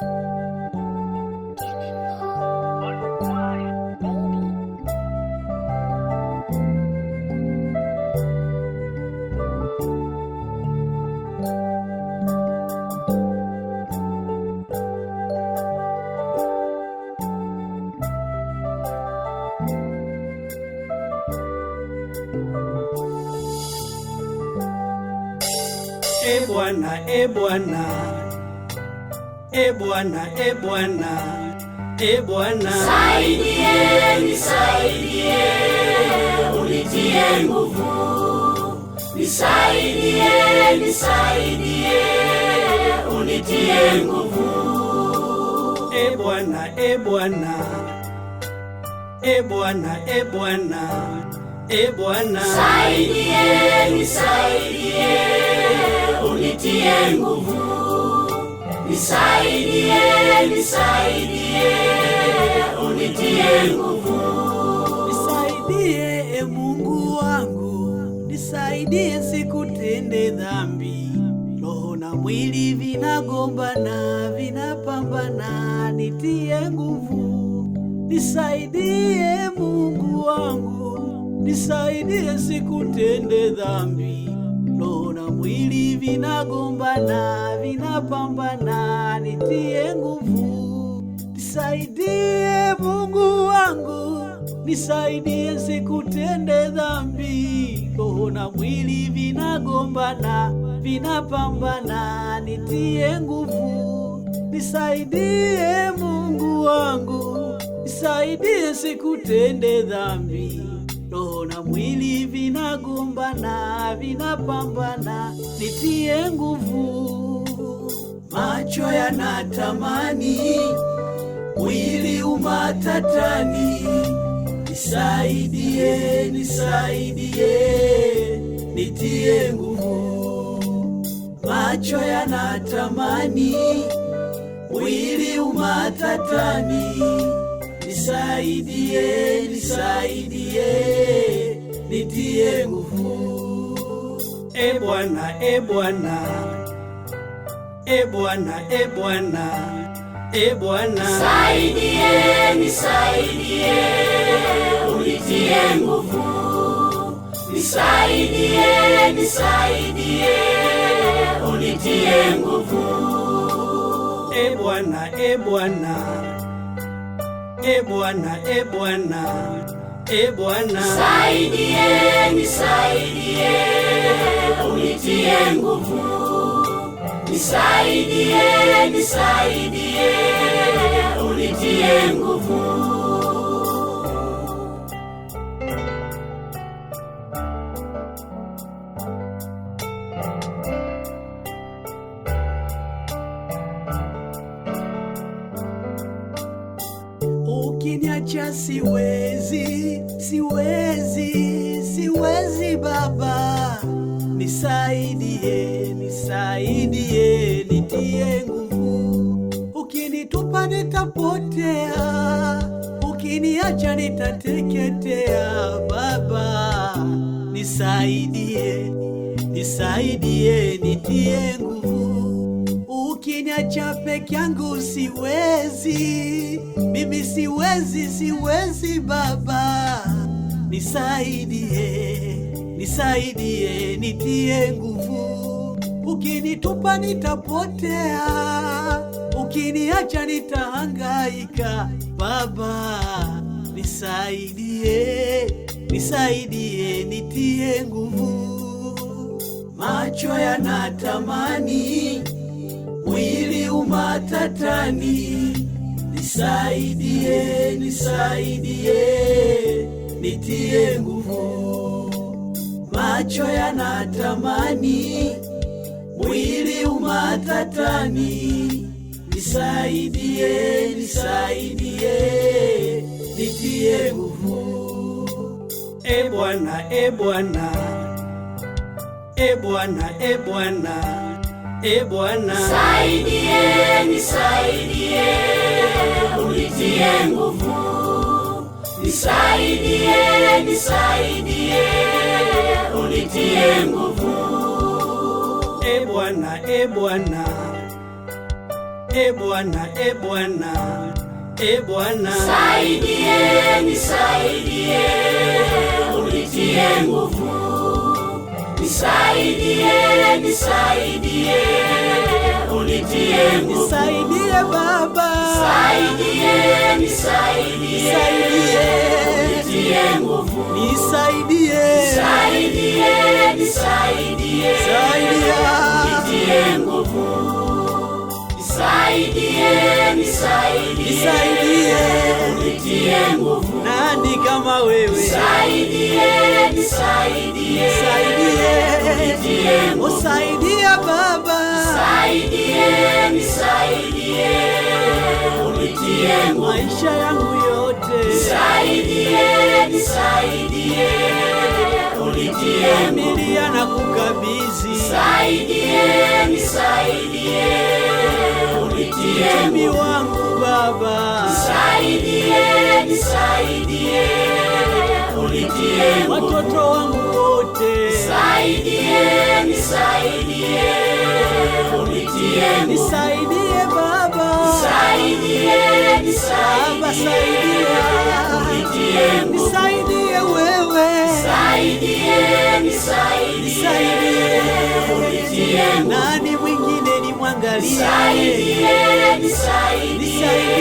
E Bwana, e Bwana E Bwana, e Bwana, e Bwana, nisaidie, nisaidie, unitie nguvu, nisaidie, nisaidie, unitie nguvu. E Bwana, e Bwana, e Bwana, e Bwana, e Bwana, nisaidie, nisaidie, unitie nguvu Nisaidie, nisaidie, unitie nguvu. Nisaidie e Mungu wangu, nisaidie sikutende dhambi. Roho na mwili vinagombana, vinapambana, nitie nguvu. Nisaidie e Mungu wangu, nisaidie sikutende dhambi na mwili vinagombana, vinapambana. Nitie nguvu, nisaidie Mungu wangu, nisaidie nisikutende dhambi. Roho na mwili vinagombana, vinapambana. Nitie nguvu, nisaidie Mungu wangu, nisaidie nisikutende dhambi roho na mwili vinagombana, vinapambana, nitie nguvu. Macho yanatamani, mwili umatatani, nisaidie, nisaidie, nitie nguvu. Macho yanatamani, mwili umatatani nisaidie, nisaidie, nitie nguvu. E Bwana, e Bwana, e Bwana, e Bwana, e Bwana, nisaidie, nisaidie, unitie nguvu. Nisaidie, nisaidie, unitie nguvu. E Bwana, e Bwana E Bwana, e Bwana, e Bwana, nisaidie, nisaidie, unitie nguvu, nisaidie, nisaidie, unitie nguvu kuacha siwezi, siwezi, siwezi Baba, nisaidie, nisaidie, nitie nguvu. Ukinitupa nitapotea, ukiniacha nitateketea. Baba, nisaidie, nisaidie, nitie nguvu. Ukiniacha peke yangu siwezi mimi siwezi, siwezi Baba, nisaidie, nisaidie, nitie nguvu. Ukinitupa nitapotea, ukiniacha nitahangaika. Baba, nisaidie, nisaidie, nitie nguvu. Macho yanatamani, mwili umatatani Nisaidie, nisaidie, nitie nguvu. Macho yanatamani, mwili umatatani. Nisaidie, nisaidie, nitie nguvu. E Bwana, e Bwana, e Bwana, e Bwana, e Bwana, nisaidie, nisaidie unitie nguvu, nisaidie, nisaidie, unitie nguvu. E Bwana, e Bwana, e Bwana, e Bwana, e Bwana, nisaidie, nisaidie, unitie nguvu, nisaidie, nisaidie, unitie nguvu, nisaidie nisaidie, nisaidie, nisaidie, nisaidie, nitie nguvu, nisaidie, nisaidie, nitie nguvu. Nani kama wewe? Nisaidie, nisaidie, nisaidie, usaidia Baba, nisaidie, nisaidie, maisha yangu nisaidie, nisaidie, ulitie milia na kukabizi. nisaidie, nisaidie, ulitie mimi wangu Baba, nisaidie, nisaidie, ulitie watoto wangu wote, nisaidie, nisaidie, ulitie nisaidie Baba, nisaidie, nisaidie Baba, saidie. Mungu, nisaidie wewe, nisaidie, nisaidie, nisaidie. Nani mwingine nisaidie, Nisaidie, nisaidie